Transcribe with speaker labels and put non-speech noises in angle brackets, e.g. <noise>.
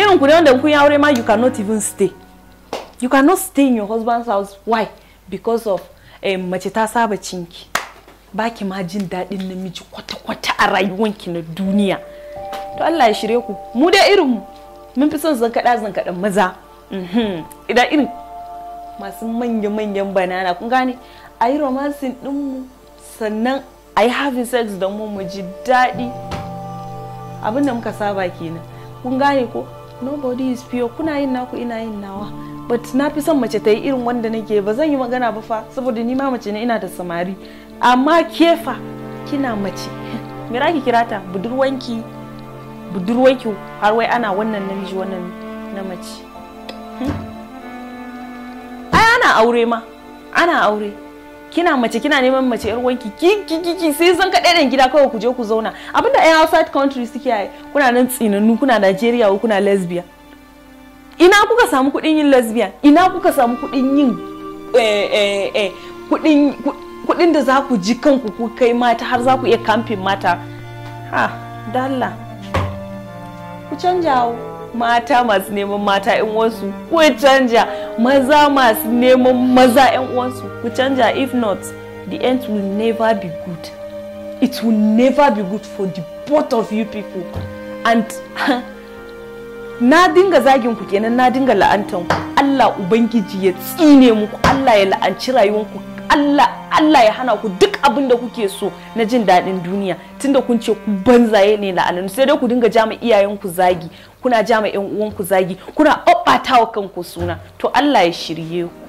Speaker 1: irin ku ne wanda kun aure ma you cannot even stay you cannot stay in your husband's house why because of eh, mace ta saba cinki ba ki ma jin daɗin namiji kwata-kwata a in na duniya to Allah ya shirye ku mu da irin mun fi son zankaɗa zankaɗan maza mhm. idan irin masu manya-manyan banana kun gane a yi romancing ɗinmu sannan a yi having sex da mu mu ji daɗi abin da muka saba kenan kun gane ko nobody is pure kuna yin naku ina yin nawa but na fi son mace ta yi irin wanda nake ba zan yi magana ba fa saboda ni ma mace ne ina da samari amma kefa kina mace me za ki kira ta budurwanki budurwanki har wai ana wannan namiji wannan na mace hmm? ai ana aure ma ana aure kina mace kina neman mace yar wanki ki ki ki sai san ka ɗaya gida kawai ku je ku zauna abinda ɗan outside country suke yi kuna nan tsinannu kuna Najeriya ko kuna lesbian ina kuka samu kuɗin yin lesbian ina kuka samu kuɗin yin eh, eh, eh, kuɗin kuɗin da za ku ji kanku ku kai mata har za ku iya kamfin mata ha dalla ku canjawo mata masu neman mata yan uwansu ku canja maza masu neman maza yan uwansu ku canja if not the end will never be good it will never be good for the both of you people and <laughs> na dinga zagin ku kenan na dinga la'antan ku Allah ubangiji ya tsine muku Allah ya la'anci rayuwanku Allah Allah ya hana ku duk abin da kuke so na jin daɗin duniya tunda kun ce ku banzaye ne la'anu, sai dai ku dinga jama iyayen ku zagi kuna jama yan uwan ku zagi kuna ɓaɓɓatawa kanku suna to Allah ya shirye ku